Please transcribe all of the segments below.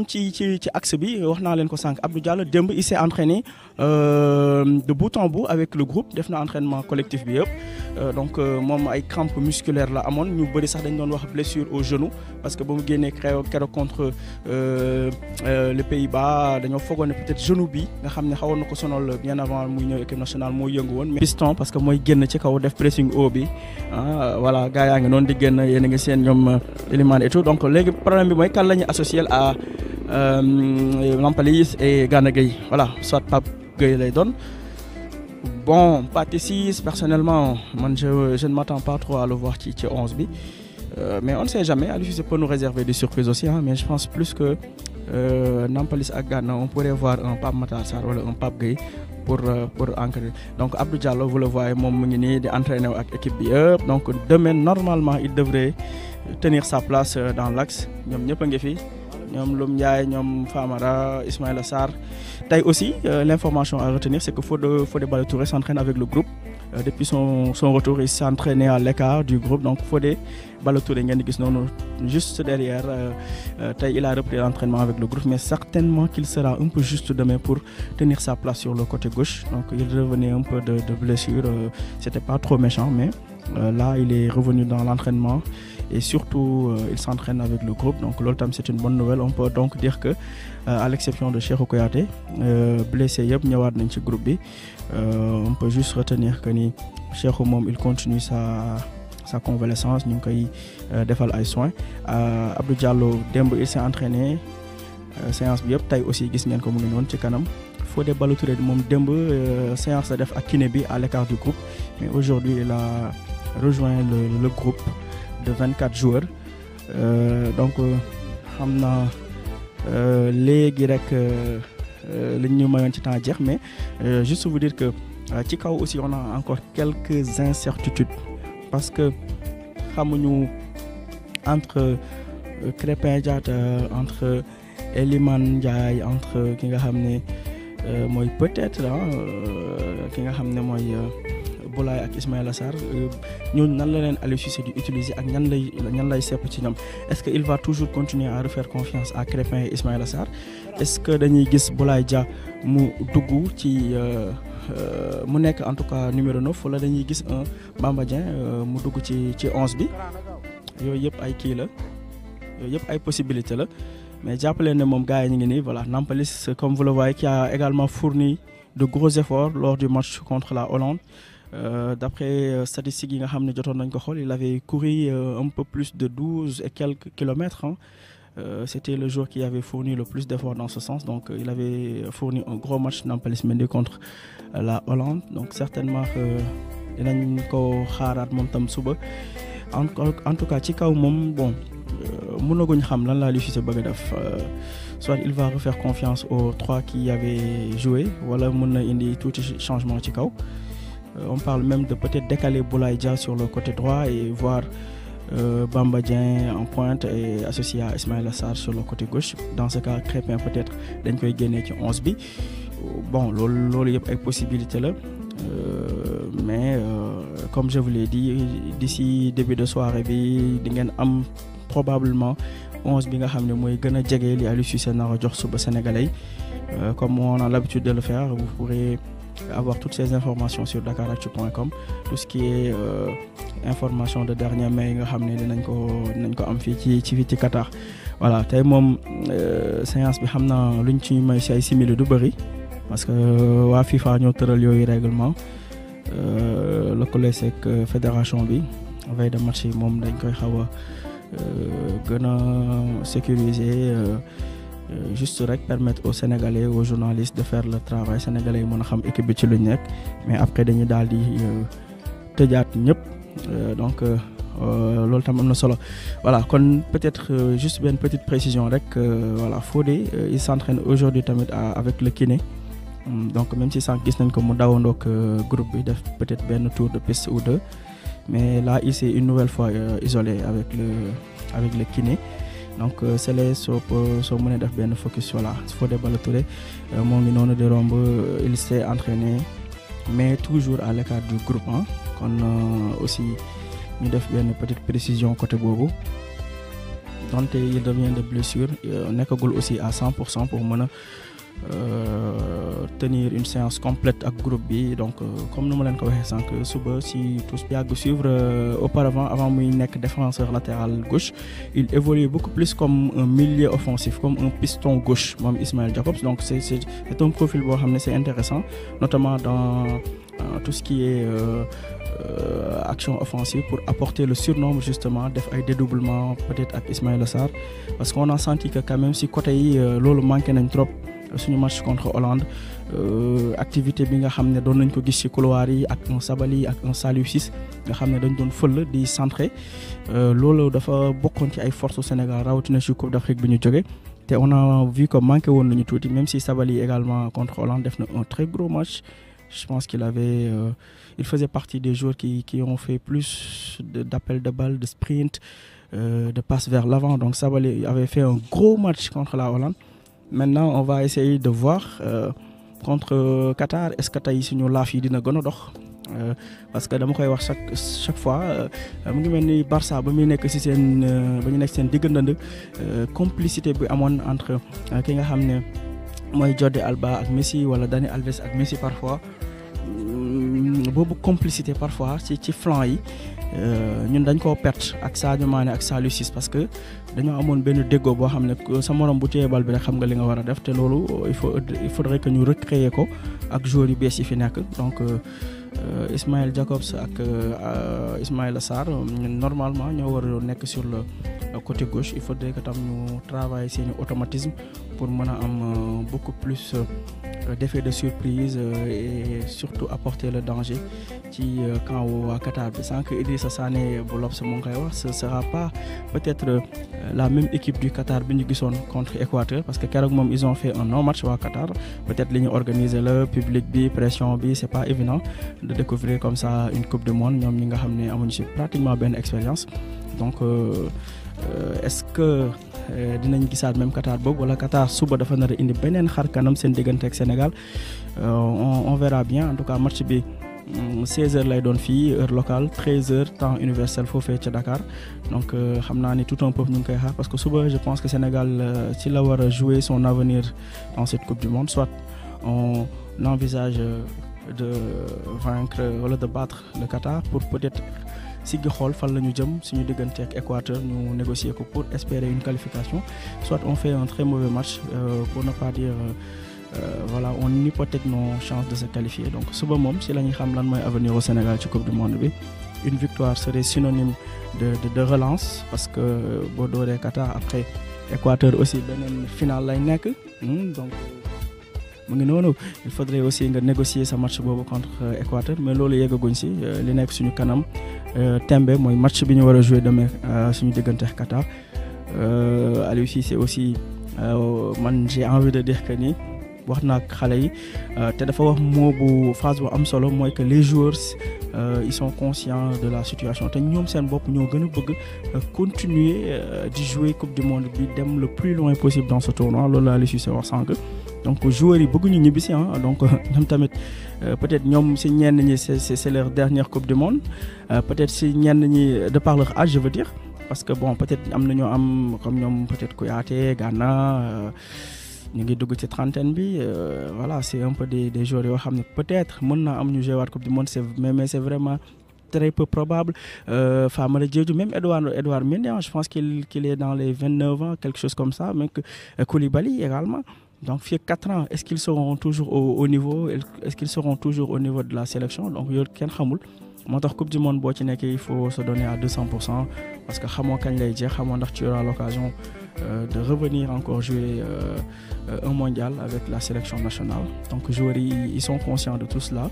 même ci ci ci axe bi wax naa leen ko sànq Abdou Diallo démb il s'est euh, de bout en avec le groupe def na entraînement collectif bi yëpp euh, donc euh, moom ay crampes musculaires la amoon ñu bëri sax dañu doon wax blessure au genou parce que ba mu génnee keroog contre les pays ba dañoo foogoon ne peut-être genou bi nga xam ne xawoon na ko sonal bien avant muy ñëw équipe nationale moo yëngu woon. piston parce que mooy génn ci kaw def pressing haut bi ah, voilà gars yaa ngi noonu di génn yéen a ngi seen ñoom Euh, Lampalis et gaana Gueye voilà soit Pape Gueye lay doon bon Pathé Ciss personnellement man je je ne m'attends pas trop à le voir ci ci onze bi euh, mais on ne sait jamais Aliou Cissé peut nous réserver des surprises aussi mais je pense plus que euh, Nampalis ak Gana on pourrait voir un Pape Matar Sarr wala un Pape Gueye pour euh, pour encadrer donc Abdou Diallo vous le voyez moom mu ngi nii di entraîner ak équipe bi yëpp donc demain normalement il devrait tenir sa place euh, dans l'axe ñoom ñëpp a ngi fi. ñoom Lom Ndiaye ñoom Famara Ismaïla Sarr tey aussi euh, l'information à retenir c'est que Fodé Fodé Ballo Touré s'entraîne avec le groupe euh, depuis son son retour il s'entraînait à l'écart du groupe donc Fodé Ballo Touré ngeen di gis noonu juste derrière euh, tey il a repris l'entraînement avec le groupe mais certainement qu'il sera un peu juste demain pour tenir sa place sur le côté gauche donc il revenait un peu de blessure c'était pas trop méchant mais là il est revenu dans et surtout euh, il s'entraîne avec le groupe donc loolu tam c'est une bonne nouvelle on peut donc dire que euh, à l'exception de Cheikhou Kouyaté euh, blessé yëpp ñëwaat nañ ci groupe bi on peut juste retenir que ni Cheikhou moom il continue sa sa convalescence ñu ngi koy defal ay soins Abdou Diallo démb il s'est entraîné séance bi yëpp tey aussi gis ngeen ko mu ngi noonu ci kanam foo Fodé Ballo-Touré moom démb séance la def ak kiné bi à l'écart du groupe mais aujourd'hui il a de 24 joueurs euh, donc xam naa euh, léegi rek euh, liñ ñu mayoon ci temps jeex mais juste vous dire que ci kaw aussi on a encore quelques incertitudes parce que xamuñu entre Krépin Diatta entre Eliman Ndiaye entre ki nga xam ne mooy peut-être ki nga xam ne mooy. Boulaye ak Ismaïla Sarr euh, ñooñu nan la leen Aliou Cissé di utiliser ak ñan lay ñan lay sepp ci ñoom est-ce que il va toujours continuer à refaire confiance à Crépin et Ismaïla est-ce que dañuy gis Boulaye Dia mu dugg ci euh, euh, mu nekk en tout cas numéro 9 wala dañuy gis un Bamba mu dugg ci ci bi yooyu yëpp ay kii la yooyu yëpp ay possibilité la mais jàppaleen ne moom gars yi ñu ngi nii voilà Nampalis comme vous le voyez a également fourni de gros efforts lors du match contre la Hollande Euh, d'après euh, statistiques yi nga xam ne jotoon nañ ko xool il avait couru euh, un peu plus de douze et quelques kilomètres c'était le jour qui avait fourni le plus d'efforts dans ce sens. Donc, il avait fourni un gros match dans Mende contre la Hollande. Donc, certainement, tam suba En tout cas, ci kaw Chika bon, soit il va refaire confiance aux trois qui avaient joué, voilà, il a changement ci kaw Euh, on parle même de peut-être décaler Boulaïdia sur le côté droit et voir euh, Bambadien en pointe et associé à Ismaël Assar sur le côté gauche. Dans ce cas, Crépin peut-être dañ koy génnee ci 11 bi bon loolu loolu yëpp ay possibilité la euh, mais euh, comme je vous di dit d'ici début de soirée bi di ngeen am probablement 11 bi nga xam ne mooy gën a jege li Aliou Cissé nar a jox suba sénégalais euh, comme on a l'habitude de le faire avoir toutes ces informations sur dakaractu.com tout ce qui est euh, information de dernière main yi nga xam ne dinañ ko dinañ ko am fii ci ci fii ci Qatar voilà tey moom euh, séance bi xam naa luñ ci may si ay simili du bëri parce que euh, waa FIFA ñoo tëral yooyu règlement lëkkale seeg fédération bi veille de match yi moom dañ koy xaw a gën a sécuriser. Euh, juste rek permettre au sénégalais aux journalistes de faire leur travail sénégalais yi a xam équipe bi ci lu ñu nekk mais après dañu daal di euh, tëjaat ñëpp euh, donc loolu tam am na solo voilà kon peut-être juste benn petite précision rek voilà Fodé il s'entraîne aujourd'hui tamit avec le kiné hmm, donc même si sant gis nañ ko mu dawandoog groupe bi def peut-être benn tour de piste ou deux mais là il s'est une nouvelle fois isolé avec le avec le kiné. donc euh, Sélé soo soo mënee def benn focus voilà Fodé Ballo Touré euh, moo ngi noonu di romb euh, il s'est entraîné mais toujours à l'écart du groupe kon aussi ñu def benn petite précision côté boobu donte il revient de blessure nekkagul aussi à 100 pour cent pour mën a Euh, tenir une séance complète ak groupe bi donc euh, comme nu ma leen ko waxee sànq suba si tous yàgg suivre euh, auparavant avant muy nekk défenseur latéral gauche il évolue beaucoup plus comme un milieu offensif comme un piston gauche moom Ismaël Jacobs donc c'est c'est un profil boo xam ne c'est intéressant notamment dans tout ce qui est action offensive pour apporter le surnombre justement def ay dédoublement peut-être ak Ismaïla Sarr parce qu'on a senti que quand même si côté loolu manqué nañ trop suñu match contre Hollande euh, activité bi nga xam ne doon nañ ko gis ci couloir yi ak un Sabali ak un Saliou Ciss nga xam ne dañ doon fël di centré euh, loolu dafa bokkoon ci ay forces Sénégal rawatina ci Coupe d'Afrique bi ñu jóge te on a vu que manqué woon nañu tuuti même si Sabali également contre Hollande def na un très gros match je pense qu'il avait euh, il faisait partie des joueurs qui, qui ont fait plus d'appels de, balles de sprint euh, de passes vers l'avant donc Sabali avait fait un maintenant on va essayer de voir contre euh, euh, Qatar est-ce que tey suñu laaf yi dina gën a dox. Euh, parce que dama koy wax chaque chaque fois mu ngi mel ni barsa ba muy nekk ci seen ba ñu nekk seen diggandand complicité bi amoon entre ki nga xam ne mooy Jordi Alba ak Messi wala Dani Alves ak Messi parfois mm, boobu complicité parfois ci ci flanc yi. Euh, ñun dañ koo perte ak Sadio Mané ak Saliou Ciss parce que dañoo amoon benn déggoo boo xam ne sa morom bu téye bal bi rek xam nga li nga war a def te loolu il faut il faudrait que ñu recréer ko ak joueurs yu bees yi fi nekk donc. Euh, Euh, Ismaël Jacobs ak euh, Ismaïla Sarr ñun normalement ñoo war a nekk sur le côté gauche il faudrait que tam ñu travailler seeni automatisme pour mën a am euh, beaucoup plus d'effet de surprise et surtout apporter le danger ci camp waa Qatar bi sans que Idrissa Sané bu L'Obs mu ngi koy wax ce sera pas peut-être la même équipe du Qatar bi ñu gisoon contre Équateur parce que keroog moom ils ont fait un non match waa Qatar peut-être li ñu organiser le public bi pression bi c'est pas évident de découvrir comme ça une coupe du monde ñoom ñi nga xam ne amuñu ci pratiquement benn expérience donc euh, euh, est-ce que euh, dinañ gisaat même Qatar boobu wala Qatar suba dafa nar a indi beneen xar kanam seen diggante ak Sénégal on verra bien en tout cas match bi 16h mm, lay doon fii heure locale 13h temps universel foofee ca Dakar donc xam naa ni tout un peuple ñu ngi koy xaar parce que suba je pense que Sénégal ci la war a jouer son avenir dans cette coupe du de vaincre wala de battre le Qatar pour peut-être siggi xool fan la ñu jëm suñu diggante ak Équateur ñu négocier ko pour espérer une qualification soit on fait un très mauvais match euh, pour ne pas dire euh, voilà on hypothèque nos chances de se qualifier donc suba moom si la ñuy xam lan mooy avenir au Sénégal ci coupe du monde bi une victoire serait synonyme de de de relance parce que euh, boo dooree Qatar après Équateur aussi beneen finale lay nekk hmm, donc. mu ngi noonu il faudrait aussi nga négocier sa match boobu contre euh, Équateur mais loolu yeggaguñ si euh, li nekk suñu kanam euh, tembe mooy match bi ñu war a jouer demain suñu diggante Qatar Aliou Cissé aussi man j'ai envie de dire que ni wax na xale yi te dafa wax moo bu phrase bu am solo mooy que les joueurs ils sont conscients de la situation te ñoom seen bopp ñoo gën a bëgg continuer di jouer coupe du monde bi dem le plus loin possible dans tournoi loolu laa li donc joueurs yi bëgguñu ñibbi si ah donc ñoom tamit euh, peut-être ñoom si ñenn ñi c'est c'est leur dernière coupe du monde euh, peut-être si ñenn ñi de par leur âge je veux dire parce que bon peut-être am na ñoo am comme ñoom peut-être Kouyaté Gana euh, ñu ngi dugg ci trentaine bi voilà c'est un peu des des yoo xam ne peut-être mën naa am ñu joué waat coupe du monde c'est mais mais c'est vraiment très peu probable. Euh, Famara Diédhiou, même Edouard, Edouard Mendy, je pense qu'il qu'il est les 29 ans, quelque chose comme ça, mais donc fii quatre ans est-ce qu'ils seront toujours au au niveau est-ce qu'ils seront toujours au niveau de la sélection donc yooyu kenn xamul moo tax coupe du monde boo ci nekkee il faut se donner à deux parce que xamoo kañ lay jeex xamoo ndax tu auras l'occasion euh, de revenir encore jouer euh, un mondial avec la sélection nationale donc joueurs yi ils sont conscients de tout cela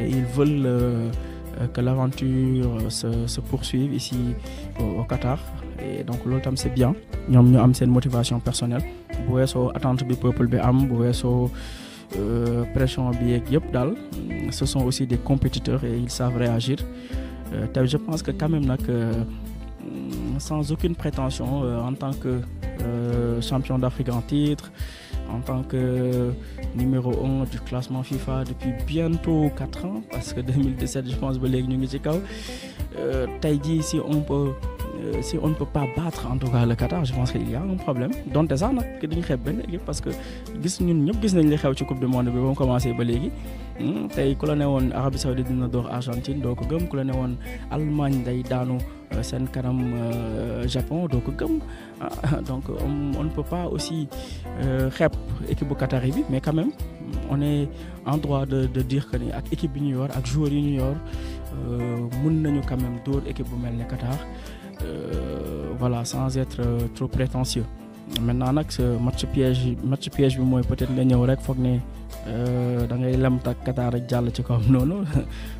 et ils veulent euh, que l'aventure se se poursuive ici au Qatar et donc loolu tam c'est bien ñoom ñu am seen motivation personnelle. bu weesoo attente bi peuple bi am bu weesoo euh, pression bi yeeg yëpp daal ce sont aussi des compétiteurs et ils savent réagir euh, te je pense que quand même nag euh, sans aucune prétention en tant que champion d'Afrique en titre en tant que numéro un du classement FIFA depuis bientôt quatre ans parce que 2017 je pense ba léegi ñu ngi ci kaw tey jii on peut Euh, si on ne peut pas battre en tout cas je pense qu'il y a un problème donte sax nag dañu xeeb benn équipe parce que gis ñun ñëpp gis nañ li xew ci coupe du monde bi ba mu commencé ba léegi hmm, tey ku la ne woon Arabie Saoudite dina door Argentine doo ko gëm ku la ne woon Allemagne day daanu euh, seen kanam euh, Japon doo ko gëm ah, donc on ne peut pas aussi xeeb équipe bu Qatar bi mais quand même on est en de de dire que ni ak équipe bi ñu yor ak joueurs yi ñu yor mën nañu quand même dóor bu mel ne Qatar. Euh, voilà sans être euh, trop prétentieux maintenant nag match piège match piège bi mooy peut-être nga ñëw rek foog ni euh, da ngay lem tak Qatar jàll ci kawam noonu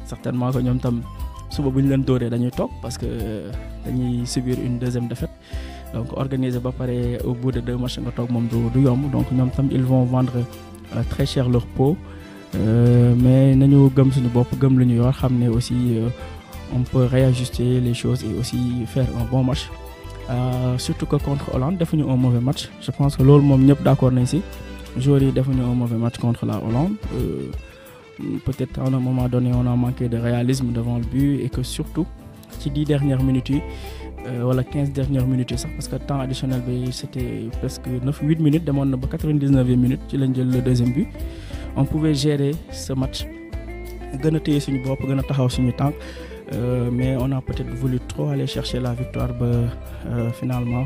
certainement que ñoom tam suba bu ñu leen dóoree dañuy toog parce que dañuy subir une deuxième défaite donc organiser ba pare au bout de deux matchs nga toog moom du du yomb donc ñoom tam ils vont vendre très cher leur peau mais nañu gëm suñu bopp gëm lu ñu yor xam ne aussi. on peut réajuster les choses et aussi faire un bon match euh, surtout que contre Hollande defuñu un mauvais match je pense que loolu moom ñëpp d'accord nañ si joueurs yi defuñu un mauvais match contre la Hollande euh, peut-être à un moment donné on a manqué de réalisme devant le but et que surtout ci dix dernières minutes yi euh, wala quinze dernières minutes yi sax parce que temps additionnel bi c'était presque neuf huit minutes demoon na ba quatre-vingt-dix-neuvième minute a téye suñu bopp gën a taxaw suñu tànk Euh, mais on a peut-être voulu trop aller chercher la victoire ba euh, finalement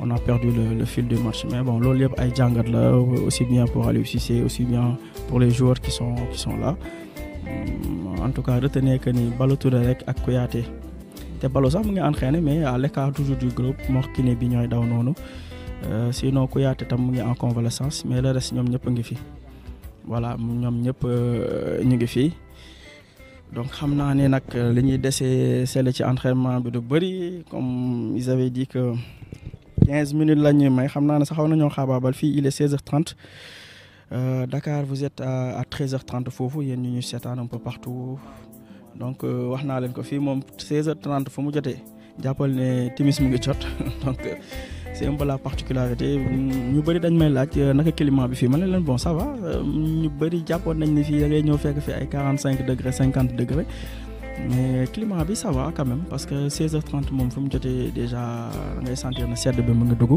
on a perdu le, le fil du match mais bon loolu yëpp ay jàngat la aussi bien pour Aliou Cissé aussi bien pour les joueurs qui sont qui mm, en tout cas retenez nekk ni balo Touré rek ak Kouyaté te balo sax mu ngi entraîné mais à l'écart toujours du groupe moo kiné bi ñooy daw noonu euh, sinon Kouyaté tam mu ngi en convalescence mais le reste ñoom ñëpp ngi fi voilà ñoom ñëpp euh, ñu ngi fi. donc xam naa ne nag euh, li ñuy desee seetlu ci entraînement bi du bëri comme ils avaient dit que quinze minutes la ñuy may xam naa ne sax xaw nañoo xaabaabal fii il e seize heures trente euh, Dakar vous êtes à treize trente foofu yéen ñu ñu seetaan un peu partout donc euh, wax naa leen ko fii moom seize trente fu mu jotee jàppal ne timis mu ngi jot c'est un peu la particularité ñu bëri dañ may laaj euh, naka climat bi fii ma ne leen bon ça euh, ñu bëri jàppoon nañ ni fii da ngay ñëw fekk fii ay quarante cinq degré cinquante degré mais climat bi ça va quand même parce que 16 h moom fu mu jotee déjà da ngay sentir na sedd bi mu ngi dugg.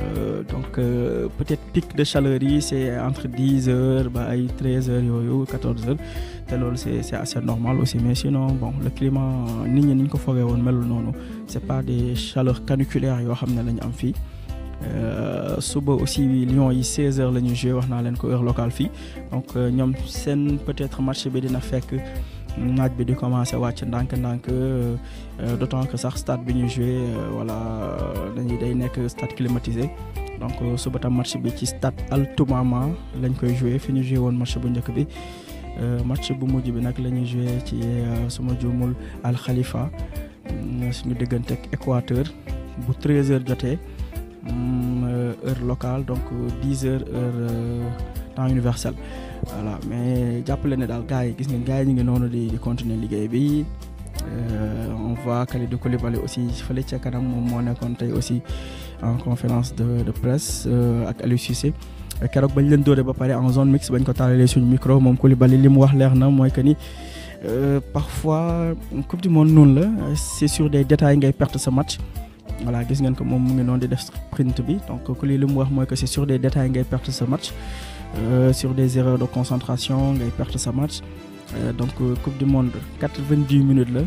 Euh, donc euh, peut-être pic de chaleur yi c'est entre dix heures ba ay treize heures yooyu quatorze heures te loolu c'est c'est assez normal aussi mais sinon bon le climat nit ñi ni ñu ko foogee woon melul noonu c'est pas des chaleurs caniculaires yoo xam ne la am fii. Euh, suba aussi Lions yi 16h la ñuy joué wax naa leen ko heure locale fii donc euh, ñoom seen peut-être marché bi dina fekk. naaj bi di commencé wàcc ndànk-ndànk euh, euh, d'autant que sax stade bi ñu joué euh, voilà dañuy day nekk stade climatisé donc suba tam match bi ci stade Altoumama lañ koy joué fi ñu joué woon match bu njëkk bi match bu mujj bi nag la ñuy joué ci suma juumul Al Khalifa mm, suñu diggante ak Équateur bu 13h jotee mm, heure locale donc 10h heure temps universel. voilà mais jàppale na daal gars yi gis ngeen gars yi ñu ngi noonu di di continuer liggéey bi euh, on voit Kalidou Koulibaly aussi fale ce kanam moom moo nekkoon tey aussi en conférence de de euh, ak Aliou Cissé keroog bañ leen dóoree ba pare en zone mixte bañ ko taalalee suñu micro moom Koulibaly li mu wax leer na mooy que ni euh, parfois coupe du monde noonu la c'est sur des détails ngay perte sa match. voilà gis ngeen ko moom mu ngi noonu di def sprint bi donc ku li li mu wax mooy que c'est sur des détails ngay perte sa Euh, sur des erreurs de concentration ngay perte sa match euh, donc euh, coupe du monde quatre-vingt-dix minutes la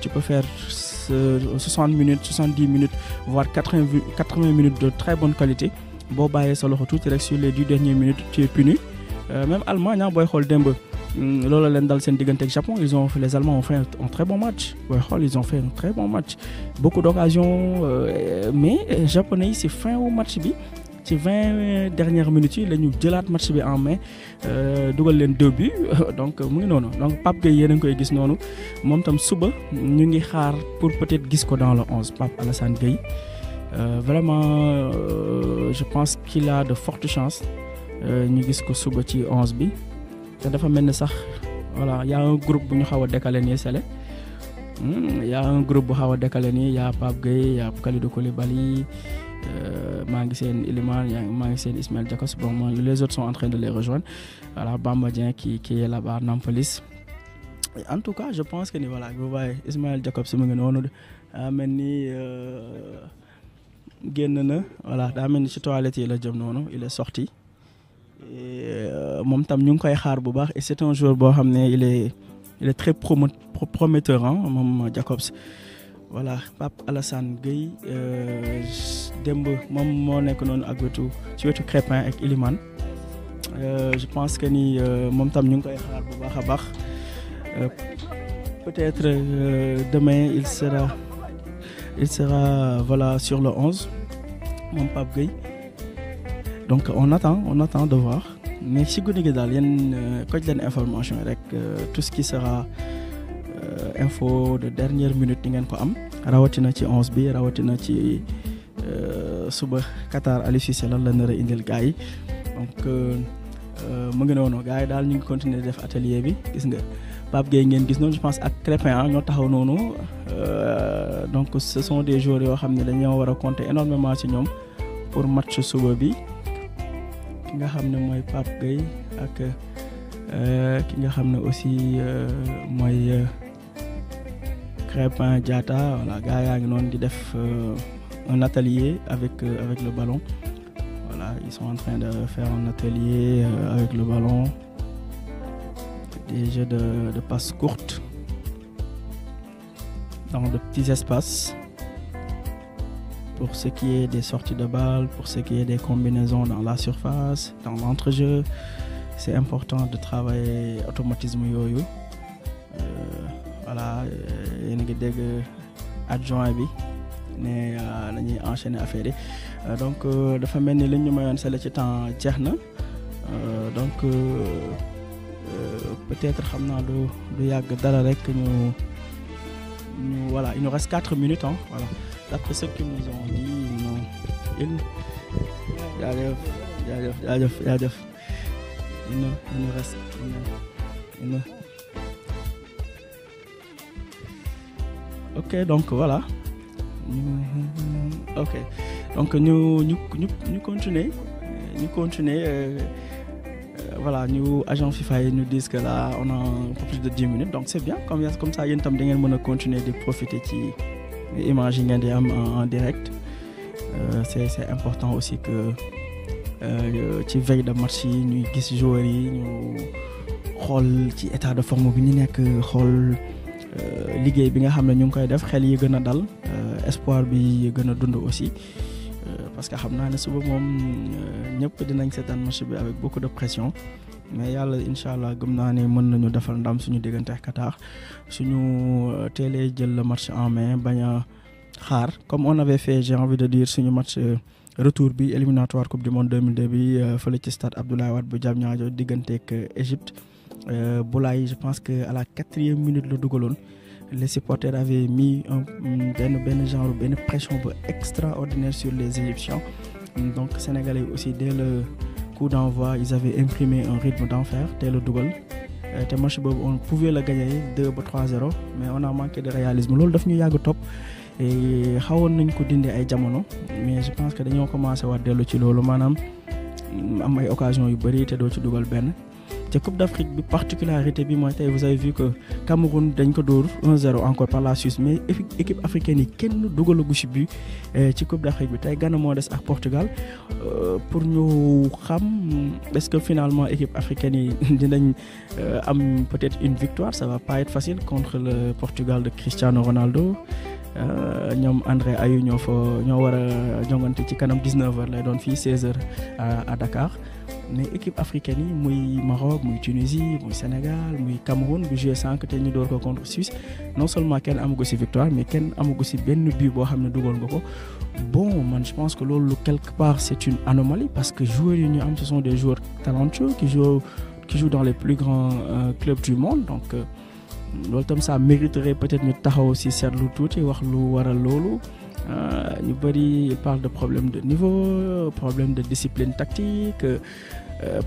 tu peux faire soixante minutes soixante-dix minutes voire quatre-vingts minutes de très bonne qualité boo bàyyee sa loxo tuuti rek sur les dix dernières minutes tu es puni ah, booy xool démb hmm, loolu leen dal seen diggante ak Japon ils ont les Allemands ont fait un très bon match booy xool ils ont fait un très bon match beaucoup d'occasions mais japonais yi si fin wu match bi. ci vingt dernières minutes yi la ñu jëlaat match bi en main euh, dugal leen deux bi donc mu ngi noonu donc Pape Gueye yéen a ngi koy gis noonu moom tam suba ñu ngi xaar pour peut-être gis ko dans le onze Pape Alassane Gueye euh, vraiment euh, je pense qu'il a de fortes chances ñu gis ko suba ci onze bi te dafa mel ni sax voilà y a groupe bu ñu xaw a décalé nii Sele hmm, y a groupe bu xaw a décalé nii y a Pape Gueye y a Kalidou Koulibaly Euh, maa ngi seen Iliman maa ngi seen Ismaël Jakobs bon moi, les autres sont en train de les rejoindre voilà Bamba Dieng qui qui est là-bas Nampalis en tout cas je pense que ni voilà bu baaxee Ismaël Jakobs mu ngi noonu daa mel ni euh, génn na voilà daa mel ni ci toilette yi la jëm noonu il est sorti euh, moom tam ñu ngi koy xaar bu baax et c'est un joueur boo xam ne il est il est très prometteur ah moom Jakobs voilà Pape Alassane Gueye euh, demb moom moo nekk noonu ak ci wetu Crépin ak Ilimane euh, je pense que ni euh, moom tam ñu ngi koy xaar bu baax a baax peut-être demain il sera il sera voilà sur le onze moom Pape Gueye donc on attend on attend de voir mais si guddi gi daal yéen koj leen information rek tout ce sera. info de dernière minute di ngeen ko am rawatina ci onze bi rawatina ci euh, suba Qatar Aliou Cissé la nar a indil gars yi donc euh, euh, mu ngi noonu gars yi daal ñu ngi continuer def atelier bi gis nga Pape Gueye ngeen gis noonu je pense ak Crépin ah, ñoo taxaw noonu donc ce sont des joueurs yoo xam ne dañoo war a compter énormément ci ñoom pour match suba bi ki nga xam ne mooy Pape Gueye ak ki nga xam ne aussi mooy. Crépin Diatta voilà gars yaa ngi di def euh, un atelier avec euh, avec le ballon ils sont en train de faire un atelier euh, avec le ballon des jeux de de passes dans de petits espaces pour ce qui est des sorties de balles, pour ce qui est des combinaisons dans la surface, dans l'entrejeu, c'est important de travailler automatisme yoyo. voilà euh, yéen a ngi dégg adjoint bi ne dañuy euh, enchaîner affaire yi euh, donc dafa mel ni li ñu mayoon sele ci temps jeex na donc peut xam naa du yàgg dara rek ñu ñu voilà il nous quatre minutes ah voilà ce qu'ils nous ont dit non il jaajëf jaajëf jaajëf jaajëf il nous il nous reste il nous ok donc voilà ok donc ñu ñu ñu ñu continuer ñu continuer euh, euh voilà ñu agent FIFA yi ñu disent que là on a un plus de dix minutes donc c' est bien comme comme ça yéen tam mën a continuer de profiter ci image yi ngeen di am en direct euh, est important aussi que euh, ci veille de match yi ñuy gis joueurs yi ñu xool ci état de forme bi ñu nekk xool. Euh, liggéey bi nga xam ne ñu ngi koy def xel yi gën a dal euh, espoir bi gën a dund aussi euh, parce que xam naa ne suba moom ñëpp dinañ seetaan match bi avec beaucoup de pression mais yàlla incha allah gëm naa ne mën nañu defal ndam suñu diggante ak Qatar suñu teelee jël le match en main bañ a xaar comme on avait fait j'ai envie de dire suñu match retour bi éliminatoire coupe du monde 2002 bi fële ci stade Abdoulaye Wade bu Diamniadio digganteeg Égypte. Euh, Boulaye je pense que à la quatrième minute la dugaloon les supporters avaient mis un benn benn genre benn pression bu extraordinaire sur les Égyptiens donc sénégalais yi aussi dès le coup d'envoi ils avaient imprimé un rythme d'enfer teel a dugal euh, te match boobu on pouvait la gagner 2 ba 3-0 mais on a manqué de réalisme loolu daf ñu yàgg topp xawoon nañu ko dindee ay jamono mais je pense que dañoo commencé waat dellu ci loolu maanaam am ay occasion yu bëri doo ci dugal benn ci coupe d' Afrique bi particularité bi mooy tey vous avez vu que Cameroun dañ ko dóor 1-0 encore par la Suisse mais équipe africaine yi kenn dugalagu si bi eh, ci coupe d' Afrique bi tey Ghana moo des ak Portugal euh, pour ñu xam est ce que finalement équipe africaine yi dinañ euh, am peut être une victoire ça va pas être facile contre le Portugal de Cristiano Ronaldo. Euh, ñoom André Ayew ñoo fa ñoo war a jongante ci kanam 19h lay doon fii 16h à Dakar. mais équipe africaine yi muy Maroc muy Tunisie muy Sénégal muy Cameroun bu joué sànq te ñu door ko contre Suisse non seulement kenn amagu si victoire mais kenn amagu si benn but boo xam ne dugal nga ko bon man je pense que loolu quelque part c' est une anomalie parce que joueurs yi ñu am ce sont des joueurs talentueux qui jouent qui jouent dans les plus grands euh, clubs du monde donc euh, loolu tam ça mériterait peut-être ñu taxaw si seetlu tuuti wax lu waral loolu. Euh, ñu bëri il parle de problème de niveau problème de discipline tactique euh,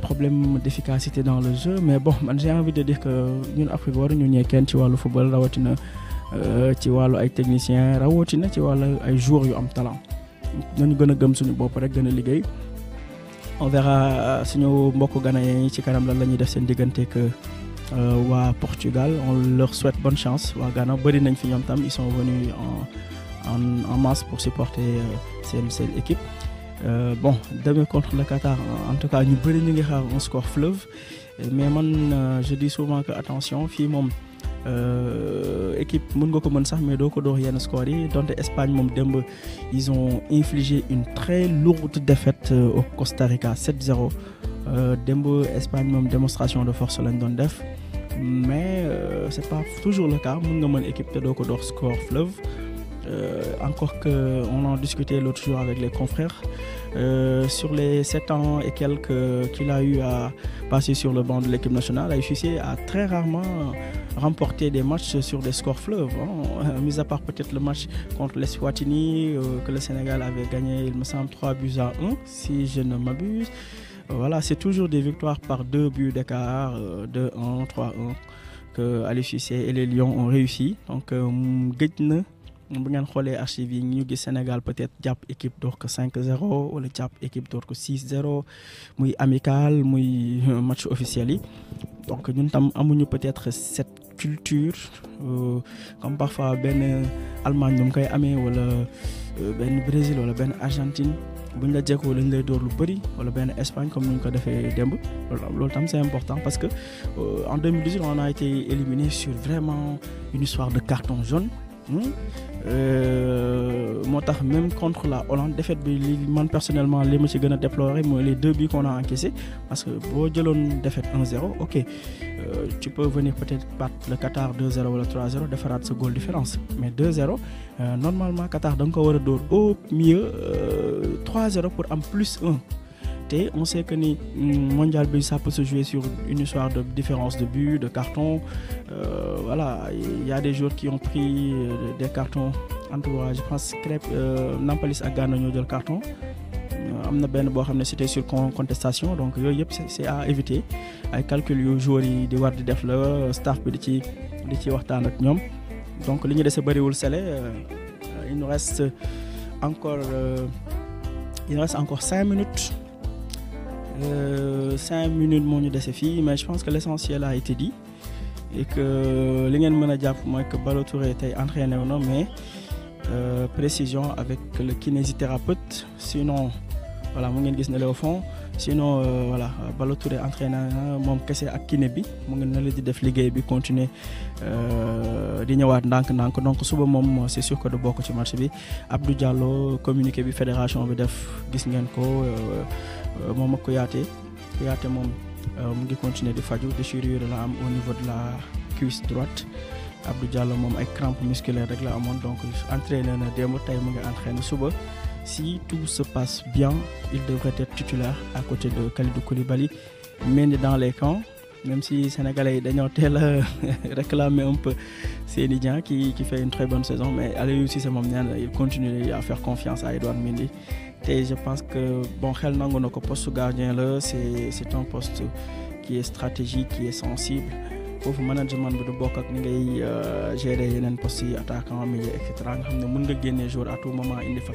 problème d'efficacité dans le jeu mais bon man j'ai envie de dire que ñun Afrique waruñu ñee kenn ci wàllu football rawatina euh, ci wàllu ay technicien rawatina ci wàllu ay jour yu am talent nañu gën a gëm suñu bopp rek gën a liggéey on verra suñu mbokk ganayen yi ci kanam lan la ñuy def seen diggante que waa Portugal on leur souhaite bonne chance waa Ghana bëri nañ fi ñoom tam ils sont en, en, masse pour supporter euh, seen seen équipe euh, bon demain contre le Qatar en tout cas ñu bëri ñu ngi xaar un score fleuve mais man euh, je dis souvent que attention fii moom équipe mun nga ko mën sax mais doo ko doox yenn score yi donte Espagne moom démb ils ont infligé une très lourde défaite au Costa Rica 7-0 démb Espagne moom démonstration de force lañ doon def mais c'est pas toujours le cas mun nga mën équipe te doo ko doox score fleuve Euh, encore qu'on en discutait l'autre jour avec les confrères, euh, sur les 7 ans et quelques qu'il a eu à passer sur le banc de l'équipe nationale, l'AFC a très rarement remporté des matchs sur des scores fleuves. Hein. Euh, mis à part peut-être le match contre les Swatini, euh, que le Sénégal avait gagné, il me semble, 3 buts à 1, si je ne m'abuse. Voilà, c'est toujours des victoires par 2 buts d'écart, euh, 2-1, 3-1, que l'AFC et les Lions ont réussi. Donc, euh, bu ngeen xoolee archives yi ñu gis Sénégal peut-être jàpp équipe door ko 5-0 wala jàpp équipe door ko 6-0 muy amical muy euh, match officiel yi donc ñun tam amuñu peut-être cette culture euh, comme parfois benn Allemagne ñu koy amee wala euh, benn Brésil wala benn Argentine buñ la jekkoo dañ lay door lu bëri wala benn Espagne comme ni ñu ko defee démb loolu tam c'est important parce que en 2018 on a été éliminé sur vraiment une histoire de carton jaune. Euh, moo tax même contre la Hollande défet bi li man personnellement li ma ci gën a déploré mooy les deux buts qu'on a encaissé parce que boo jëloon défaite 1-0 ok euh, tu peux venir peut-être battre le Qatar 2-0 wala trois 0 defaraat sa goal différence mais 2-0 euh, normalement Qatar da nga ko war a dóor au mieux euh, trois 0 pour am plus un tey on sait que le mm, mondial, ça peut se jouer sur une histoire de différence de but, de carton. Euh, voilà, il des joueurs qui ont pris euh, des cartons entourage. Je pense que euh, Nampalis a gagné le carton. Euh, am na benn boo xam ne c'était sur contestation donc yooyu yëpp c'est à éviter ay calcul yu joueurs yi di war di def la staff bi di ci di ci waxtaan ak ñoom donc li ñu dese bëriwul sele il nous reste encore il nous reste encore cinq minutes Euh, cinq minutes moo ñu dese fii mais je pense que l' essentiel a été dit et que li ngeen mën a jàpp mooy que Ballo tey entraîné wu na mais euh, précision avec le kinésithérapeute sinon wala mu ngeen gis ne fond sinon euh, voilà Ballo Touré na moom kese ak kiné bi mu ngeen na la di def liggéey bi continuer euh, di ñëwaat ndànk-ndànk donc suba moom c' est sûr que bokk ci marché bi Abdou jàlloo communiqué bi fédération bi def gis ngeen ko. Euh, Euh, moom ak Kouyaté Kouyaté moom euh, mu ngi continuer di faju déchirure la am au niveau de la cuisse droite Abdou Diallo moom ay crampes musculaires rek la amoon donc entraîné na démb tey mu ngi entraîné suba si tout se passe bien il devrait être titulaire à côté de Kalidou Koulibaly mené dans les camps même si sénégalais yi dañoo teel a réclamer un peu Seny Dieng qui qui fait une très bonne saison mais Aliou Cissé moom nee na il continue à faire confiance à Edouard te je pense que bon, Khel Nangonoko, post gardien là, c'est un poste qui est stratégique, qui est sensible. Pour le management de Bokak, euh, gérer les postes attaquants, milieu, etc. Nous avons génne jour à tout moment, il ne faut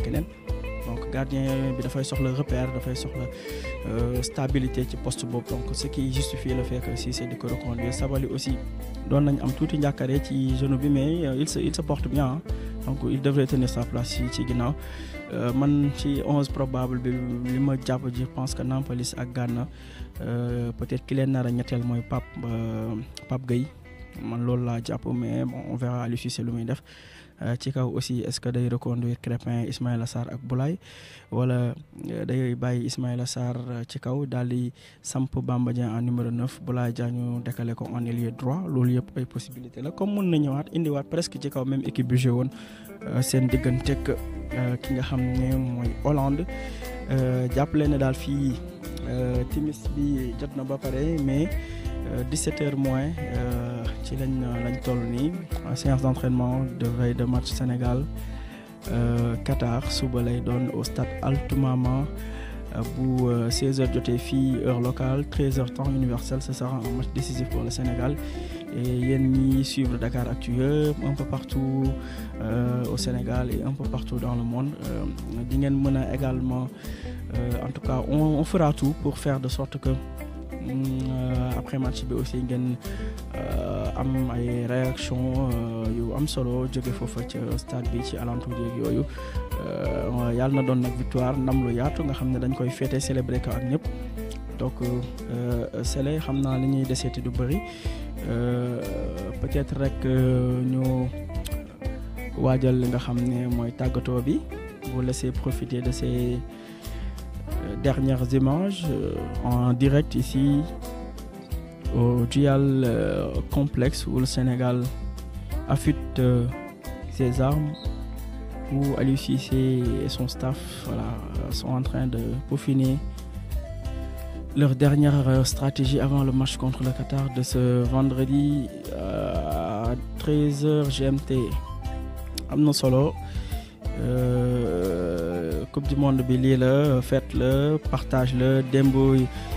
donc gardien bi dafay soxla repère dafay soxla euh, stabilité ci post boobu donc ce qui justifie le fait si Cissé di ko reconduire Sabaly aussi doon nañ am tuuti njàkkare ci genou bi mais euh, il se il se porte bien donc il devrait ci ginnaaw. Euh, man ci onze probable bi li ma jàpp ji pense que Nampalys ak Gana euh, peut-être ki leen nar a ñetteel mooy ba euh, Pape Gueye man loolu laa jàpp mais bon on verra à l'issue lu muy def. Euh, ci kaw aussi est-ce que day reconduire Crépin Ismaïla Sarr ak Boulaye wala euh, day bàyyi Ismaïla Sarr euh, ci kaw daal di samp Bamba Dieng en numéro 9 Boulaye Diagne dekkale ko en ailier droit loolu yëpp ay possibilité la comme mën na ñëwaat indiwaat presque ci kaw même équipe bi joué woon seen digganteeg ki nga xam ne mooy Hollande jàppale na daal fii timis bi jot na ba pare mais 17 heures moins. ci lañ euh, lañ toll nii séance d' entraînement de veille de match Sénégal euh, Qatar suba lay doon au stade Altoumama euh, bu 16h jotee fii heure locale 13h temps universel ce sera un match décisif pour le Sénégal et yéen ñi suivre Dakar Actu yëpp un peu partout au Sénégal et un peu partout dans le monde di ngeen mën a également en tout cas on fera tout pour faire de sorte que. Euh, après match bi aussi ngeen euh, am ay réaction euh, yu am solo jóge foofa ci stade bi ci alentour yeeg yooyu yàlla na doon nag victoire ndam lu yaatu nga xam ne dañ koy féete célébré ko ak ñëpp donc Sélé xam naa li ñuy deseeti du bëri peut-être rek ñu waajal li nga xam ne mooy tàggatoo bi vous laissez profiter de ces dernières images euh, en direct ici au Dial euh, Complexe où le Sénégal affûte euh, ses armes, où Aliou Cissé et son staff voilà, sont en train de peaufiner leur dernière stratégie avant le match contre le Qatar de ce vendredi à 13h GMT. Amno Solo. Euh, coupe du monde bi lii la fête la partage la démb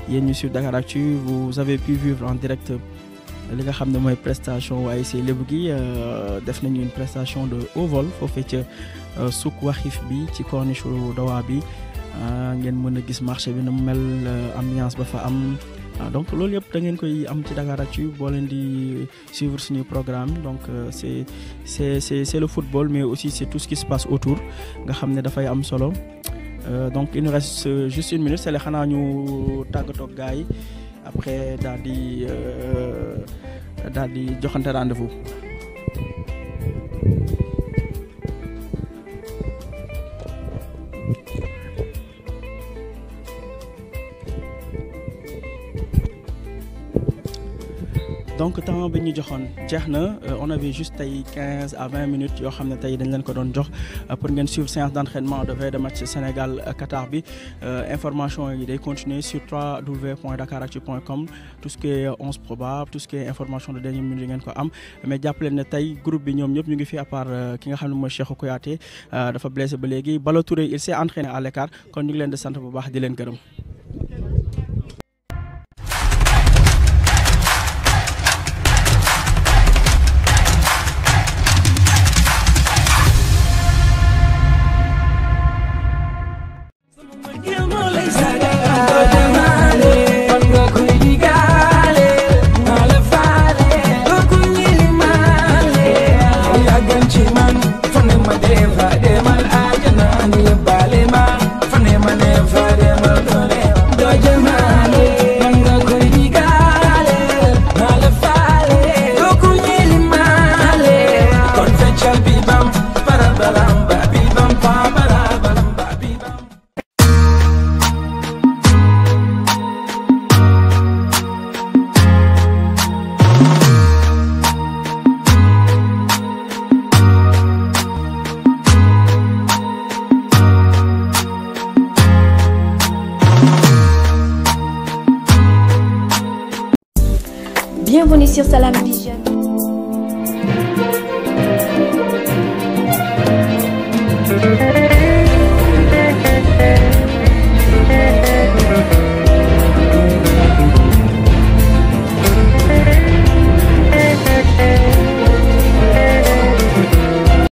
yéen ñu sur Dakaractu vous avez pu vivre en direct li nga xam ne mooy prestation waaye ASC Lebougui gi euh, def nañu une prestation de haut vol foofee ca euh, suk waxif bi ci corniche Dowa bi euh, ngeen mën a gis marché bi na mu mel ambiance ba fa am waaw donc loolu yëpp da ngeen koy am ci Dakaractu boo leen di suivre suñu programme donc euh, c'est c'est c'est c'est le football mais aussi c'est tout ce qui se passe autour nga xam ne dafay am solo euh, donc il nous reste euh, juste une minute c'est xanaa ñu tàggatoo gars yi après daal di daal di joxante rendez-vous. donc temps bi ñu joxoon jeex na euh, on avait juste tey quinze à vingt minutes yoo xam ne tey dañ leen ko doon jox euh, pour ngeen suivre séance d' entraînement de veille de match Sénégal euh, Qatar bi information yi day continuer sur 3w point dakaractu point com tout ce qui onze probable tout ce qui information de dernière minute ngeen ko am mais jàpp leen ne tey groupe bi ñoom ñëpp ñu ngi fi à ki nga xam ne mooy Cheikhou Kouyaté dafa blessé ba léegi Balo Touré il s' est entraîné kon ñu leen di sant bu baax di leen gërëm.